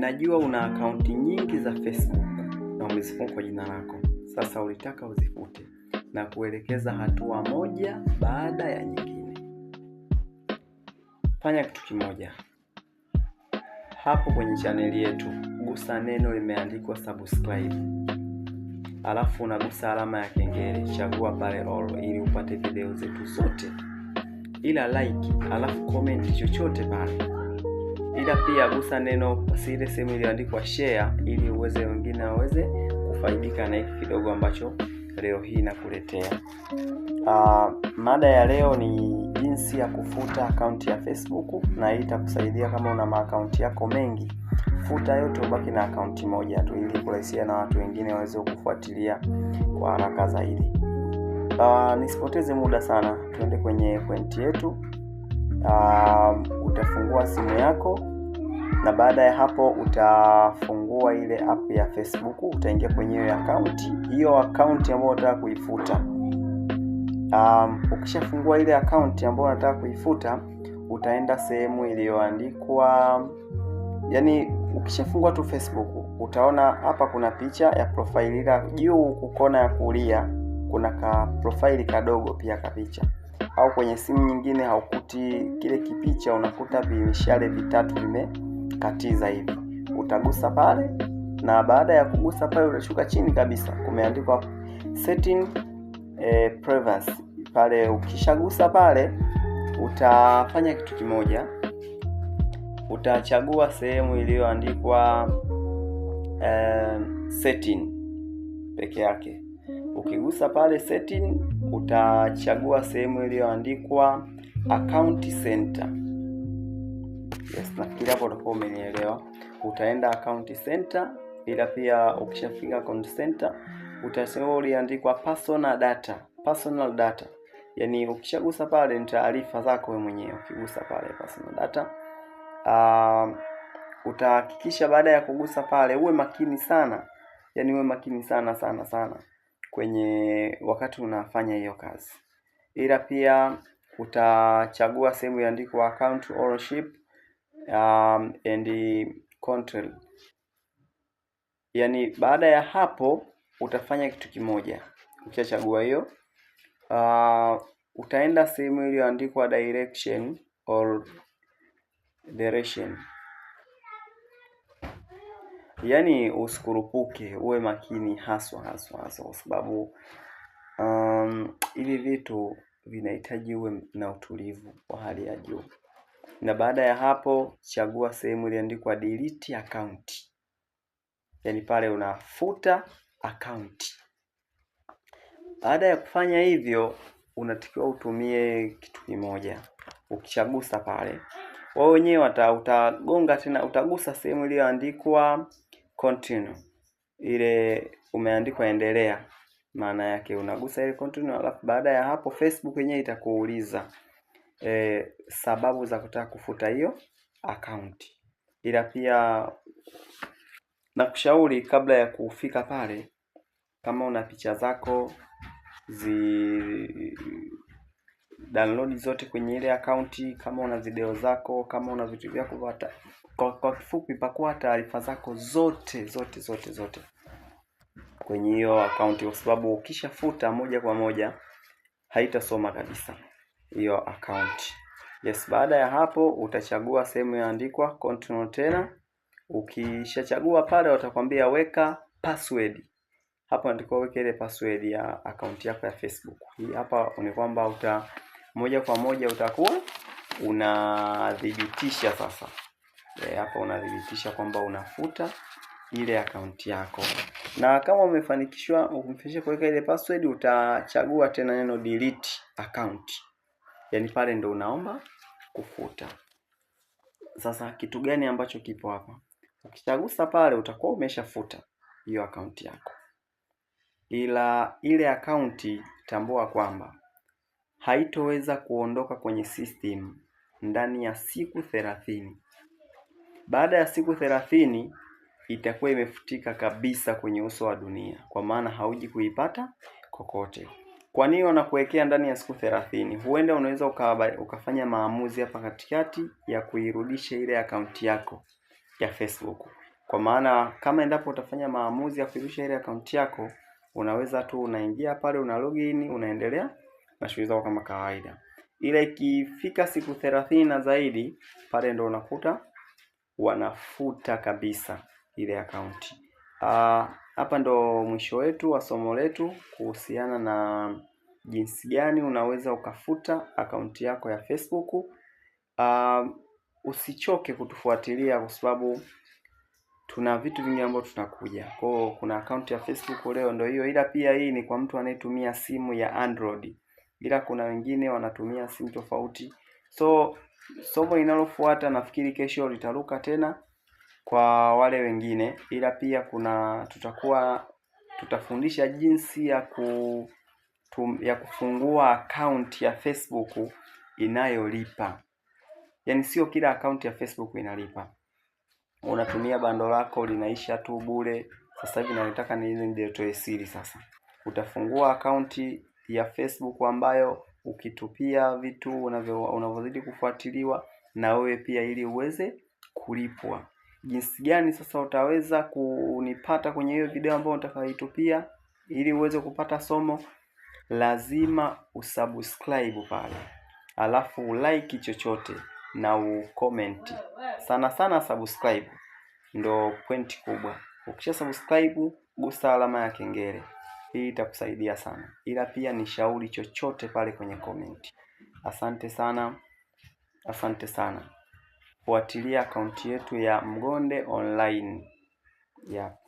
Najua una akaunti nyingi za Facebook na kwa jina lako, sasa ulitaka uzifute na kuelekeza hatua moja baada ya nyingine. Fanya kitu kimoja hapo kwenye chaneli yetu, gusa neno limeandikwa subscribe, alafu unagusa alama ya kengele, chagua pale all ili upate video zetu zote, ila like alafu comment chochote pale ila pia gusa neno basi sehemu iliyoandikwa share ili uweze wengine waweze kufaidika na hiki kidogo ambacho leo hii nakuletea. Uh, mada ya leo ni jinsi ya kufuta akaunti ya Facebook na hii itakusaidia kama una maakaunti yako mengi, futa yote ubaki na akaunti moja tu, ili kurahisia na watu wengine waweze kufuatilia kwa haraka zaidi. Uh, nisipoteze muda sana, tuende kwenye pointi yetu um, utafungua simu yako na baada ya hapo utafungua ile app ya facebook utaingia kwenye hiyo akaunti hiyo akaunti ambayo unataka kuifuta um, ukishafungua ile akaunti ambayo unataka kuifuta utaenda sehemu iliyoandikwa yani ukishafungua tu facebook utaona hapa kuna picha ya profaili ila juu kukona ya kulia kuna ka profaili kadogo pia kapicha au kwenye simu nyingine haukuti kile kipicha, unakuta vimishale vitatu vimekatiza hivi. Utagusa pale, na baada ya kugusa pale utashuka chini kabisa, kumeandikwa setting eh, privacy pale. Ukishagusa pale, utafanya kitu kimoja, utachagua sehemu iliyoandikwa eh, setting peke yake Ukigusa pale setting, utachagua sehemu iliyoandikwa account center. Yes, nafikiri hapo utakuwa umenielewa. Utaenda account center, ila pia ukishafika account center utasema uliandikwa personal data, personal data Yani ukishagusa pale ni taarifa zako wewe mwenyewe. Ukigusa pale personal data uh, utahakikisha baada ya kugusa pale uwe makini sana, yani uwe makini sana sana sana kwenye wakati unafanya hiyo kazi. Ila pia utachagua sehemu iliyoandikwa account ownership um, and control. Yani baada ya hapo utafanya kitu kimoja ukishachagua hiyo uh, utaenda sehemu iliyoandikwa direction or direction yani usikurupuke, uwe makini haswa haswa haswa kwa sababu um, hivi vitu vinahitaji uwe na utulivu wa hali ya juu. Na baada ya hapo, chagua sehemu iliyoandikwa delete account, yani pale unafuta account. Baada ya kufanya hivyo, unatakiwa utumie kitu kimoja. ukichagusa pale, wewe wenyewe utagonga tena, utagusa sehemu iliyoandikwa continue ile umeandikwa endelea, maana yake unagusa ile continue, alafu baada ya hapo Facebook yenyewe itakuuliza e, sababu za kutaka kufuta hiyo akaunti. Ila pia nakushauri kabla ya kufika pale, kama una picha zako zi download zote kwenye ile akaunti, kama una video zako, kama una vitu vyako kwa, kwa kifupi pakua taarifa zako zote zote zote zote kwenye hiyo akaunti, kwa sababu ukishafuta moja kwa moja haitasoma kabisa hiyo akaunti. Yes, baada ya hapo utachagua sehemu iliyoandikwa continue tena. Ukishachagua pale watakwambia weka password. Hapo ndiko weka ile password ya akaunti yako ya Facebook. Hii hapa ni kwamba uta moja kwa moja utakuwa unadhibitisha sasa E, hapa unadhibitisha kwamba unafuta ile akaunti yako, na kama umefanikishwa umefanikisha kuweka ile password, utachagua tena neno delete account, yaani pale ndo unaomba kufuta. Sasa kitu gani ambacho kipo hapa? Ukichagusa pale utakuwa umeshafuta hiyo akaunti yako, ila ile akaunti tambua kwamba haitoweza kuondoka kwenye system ndani ya siku thelathini baada ya siku thelathini itakuwa imefutika kabisa kwenye uso wa dunia, kwa maana hauji kuipata kokote. Kwa nini wanakuwekea ndani ya siku thelathini? Huenda unaweza uka, ukafanya maamuzi hapa katikati ya kuirudisha ile akaunti yako ya Facebook, kwa maana kama endapo utafanya maamuzi ya kuirudisha ile akaunti yako, unaweza tu unaingia pale una login, unaendelea na shughuli zako kama kawaida, Ile ikifika siku thelathini na zaidi, pale ndo unakuta wanafuta kabisa ile akaunti. Ah, hapa ndo mwisho wetu wa somo letu kuhusiana na jinsi gani unaweza ukafuta akaunti yako ya Facebook. Uh, usichoke kutufuatilia kwa sababu tuna vitu vingi ambavyo tunakuja kwao. Kuna akaunti ya Facebook leo ndio hiyo, ila pia hii ni kwa mtu anayetumia simu ya Android, ila kuna wengine wanatumia simu tofauti so somo linalofuata nafikiri kesho litaruka tena kwa wale wengine, ila pia kuna tutakuwa tutafundisha jinsi ya ku tum, ya kufungua akaunti ya Facebook inayolipa. Yaani sio kila akaunti ya Facebook inalipa, unatumia bando lako linaisha tu bure. Sasa hivi nataka nilitoe siri sasa. Utafungua akaunti ya Facebook ambayo ukitupia vitu unavyozidi kufuatiliwa na wewe pia ili uweze kulipwa. Jinsi gani sasa utaweza kunipata kwenye hiyo video ambayo nitakayoitupia ili uweze kupata somo? Lazima usubscribe pale, alafu ulike chochote na ukomenti. Sana sana subscribe ndo point kubwa. Ukisha subscribe, gusa alama ya kengele. Hii itakusaidia sana, ila pia ni shauri chochote pale kwenye komenti. Asante sana, asante sana. Fuatilia akaunti yetu ya Mgonde Online ya